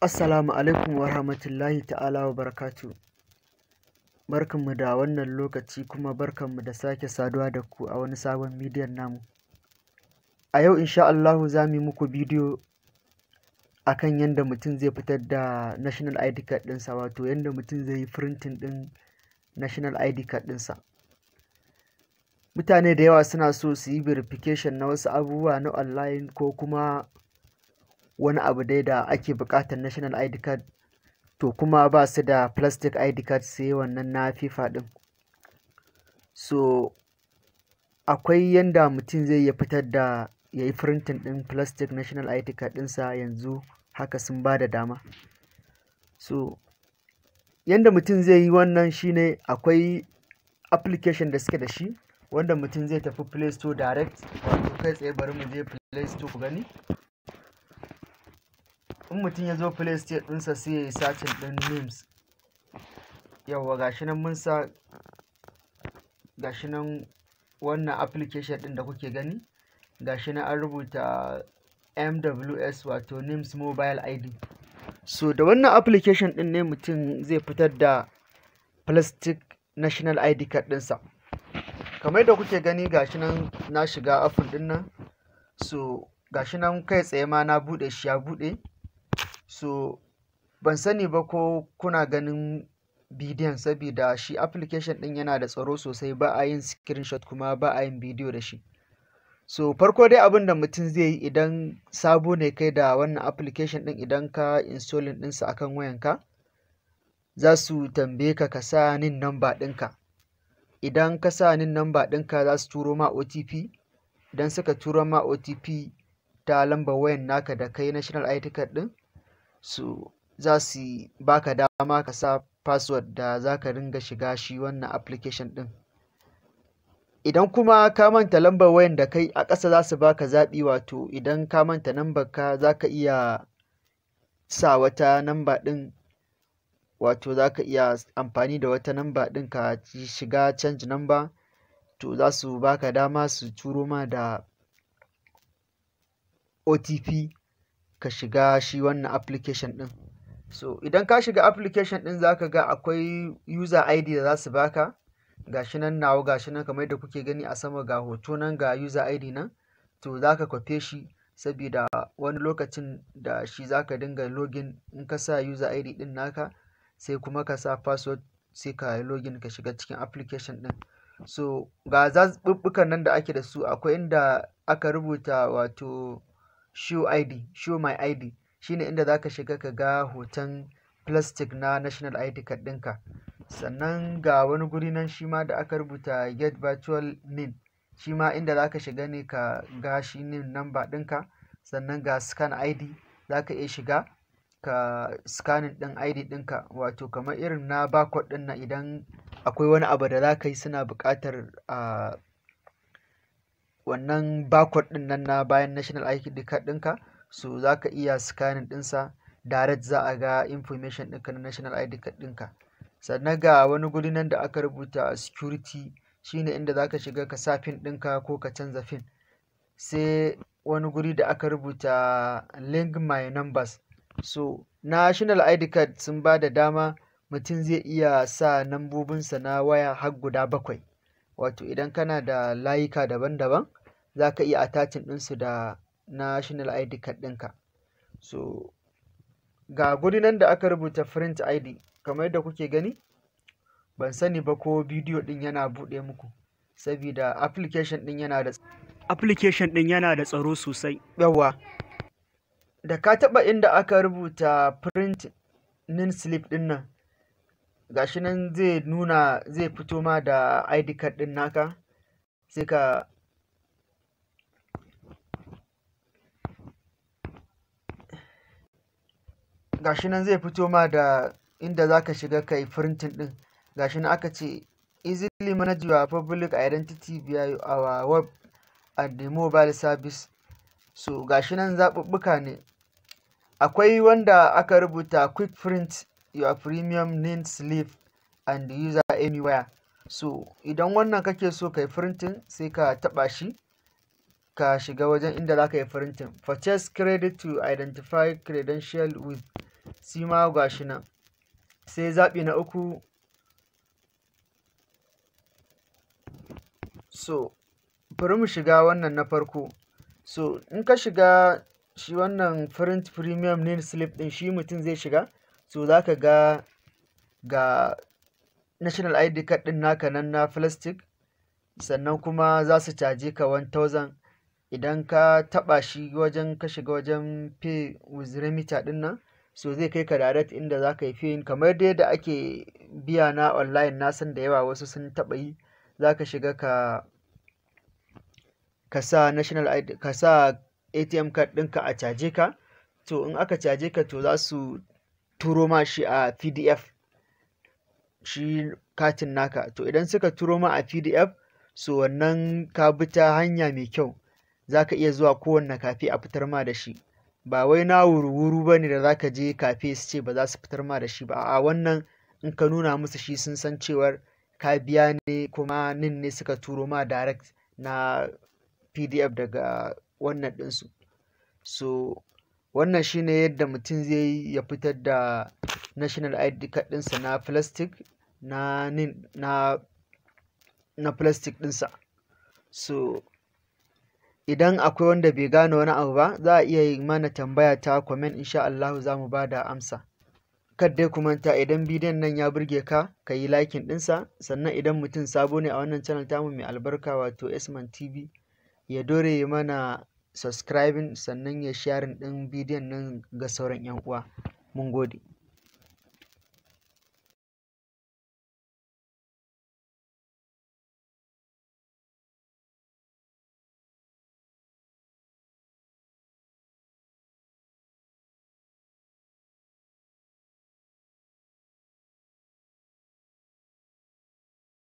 Assalamu alaikum wa rahmatullahi ta'ala wa barakatu. Barkanmu da wannan lokaci kuma barkanmu da sake saduwa da ku a wani sabon bidiyon namu. A yau insha Allahu za mu yi muku bidiyo a kan yadda mutum zai fitar da National ID Card ɗinsa wato yadda mutum zai yi printing ɗin National ID Card ɗinsa. Mutane da yawa suna so su yi verification na wasu abubuwa na online ko kuma wani abu dai da ake buƙatar national id card to kuma ba su da plastic id card sai wannan na fifa din? so akwai yanda mutum zai iya fitar da ya yi printing din plastic national id card ɗinsa yanzu haka sun ba da dama so yanda mutum zai yi wannan shine akwai application da suke da shi wanda mutum zai tafi play store direct wato kai tsaye bari mu je play store ku gani in mutum ya zo play store ɗinsa sai ya yi sacin ɗin memes yawwa gashi nan mun sa gashi nan wannan application ɗin da kuke gani gashi nan an rubuta mws wato nims mobile id so da wannan application ɗin ne mutum zai fitar da plastic national id card ɗinsa kamar da kuke gani gashi nan na shiga afin ɗin nan so gashi nan kai tsaye ma na buɗe shi ya buɗe so ban sani ba ko kuna ganin bidiyon saboda shi application din yana da tsaro sosai ba a yin screenshot kuma ba a yin bidiyo da shi so farko dai abin da mutum zai yi idan sabo ne kai da wannan application din idan ka installing ɗinsa akan wayanka za su tambaye ka ka sa nin namba ɗinka idan ka sa nin namba ɗinka za su turo ma otp idan suka turo ma otp ta lambar wayan naka da kai national id card ɗin su za su baka dama ka sa password da za ka ringa shiga shi wannan application ɗin. Idan kuma ka manta lambar wayan da kai a ƙasa za su baka zaɓi wato idan ka manta lambar ka za ka iya sa wata namba ɗin wato za ka iya amfani da wata namba ɗin ka shiga change number to za su baka dama su turo ma da OTP ka shiga shi wannan application ɗin so idan ka shiga application ɗin zaka ga akwai user id da za su baka gashi nan nawa gashi nan kamar yadda kuke gani a sama ga hoto nan ga user id nan to zaka kwafe shi sabida wani lokacin da shi zaka dinga login in ka sa user id ɗin naka sai kuma ka sa password sai ka login ka shiga cikin application ɗin so ga zaɓuɓɓukan nan da ake da su akwai inda aka rubuta wato show ID show my ID shine inda zaka shiga ka ga hoton plastic na national ID card ɗinka sannan ga wani guri nan shi da aka rubuta get virtual name shi ma inda zaka shiga ne ka ga shi NIN number ɗinka sannan ga scan ID zaka iya shiga ka scanning ɗin ID ɗinka wato kamar irin na barcode ɗin nan idan akwai wani abu da za ka yi suna buƙatar a ah, wannan bakod ɗin nan na bayan national ID card ɗinka so za ka iya scanning ɗinsa direct za a ga information ɗinka na national ID card ɗinka sannan ga wani guri nan da aka rubuta security shine inda za ka shiga ka sa pin ɗinka ko ka canza fin sai wani guri da aka rubuta link my numbers so national ID card sun ba da dama mutum zai iya sa nambobinsa na waya har guda bakwai wato idan kana da layuka daban-daban za ka iya attaching ɗinsu da national id card ɗinka so ga guri nan da aka rubuta print id kamar yadda kuke gani ban sani ba ko bidiyo ɗin yana buɗe muku saboda application ɗin yana da application ɗin yana da tsaro sosai yawa da ka taɓa inda aka rubuta print nin slip ɗin nan gashi nan zai nuna zai fito ma da id card ɗin naka sai ka gashi nan zai fito ma da inda zaka shiga ka yi printing din? gashi nan aka ce easily manage your public identity via our web and the mobile service so gashi nan zaɓuɓɓuka ne akwai wanda aka rubuta quick print your premium name slip and user anywhere so idan wannan kake so ka yi printing sai ka taɓa shi ka shiga wajen inda za ka yi printing purchase credit to identify credential with shi ma ga shi nan sai zaɓi na uku so bari mu shiga wannan na farko so in ka shiga shi wannan print premium name slip ɗin shi mutum zai shiga so za ka ga ga national id card ɗin naka nan na plastic sannan kuma za su caje ka 1000 idan ka taɓa shi wajen ka shiga wajen pay with remita ɗin nan so zai kai ka direct inda za ka yi fiyin kamar dai da ake biya na online na san da yawa wasu sun taɓa yi za ka shiga ka sa national ID ka sa ATM card ɗinka a caje ka to in aka caje ka to za su turo ma shi a PDF shi katin naka to idan suka turo ma a pdf so wannan ka bi ta hanya mai kyau za ka iya zuwa kowanne kafi a fitar ma da shi ba wai na wuru-wuru ba ne da za ka je kafe su ce ba za su fitar ma da shi ba a wannan in ka nuna musu shi sun san cewar ka biya ne kuma nin ne suka turo ma direct na pdf daga wannan ɗinsu so wannan shi ne yadda mutum zai yi ya fitar da national id card ɗinsa na plastic na na na plastic ɗinsa so idan akwai wanda bai gane wani abu ba za a iya yi mana tambaya ta comment insha Allah za mu ba da amsa kar dai ku manta idan bidiyon nan ya burge ka ka yi likin ɗinsa sannan idan mutum sabo ne a wannan channel tamu mai albarka wato Esman TV ya dore mana subscribing sannan ya sharing ɗin bidiyon nan ga sauran 'yan uwa mun gode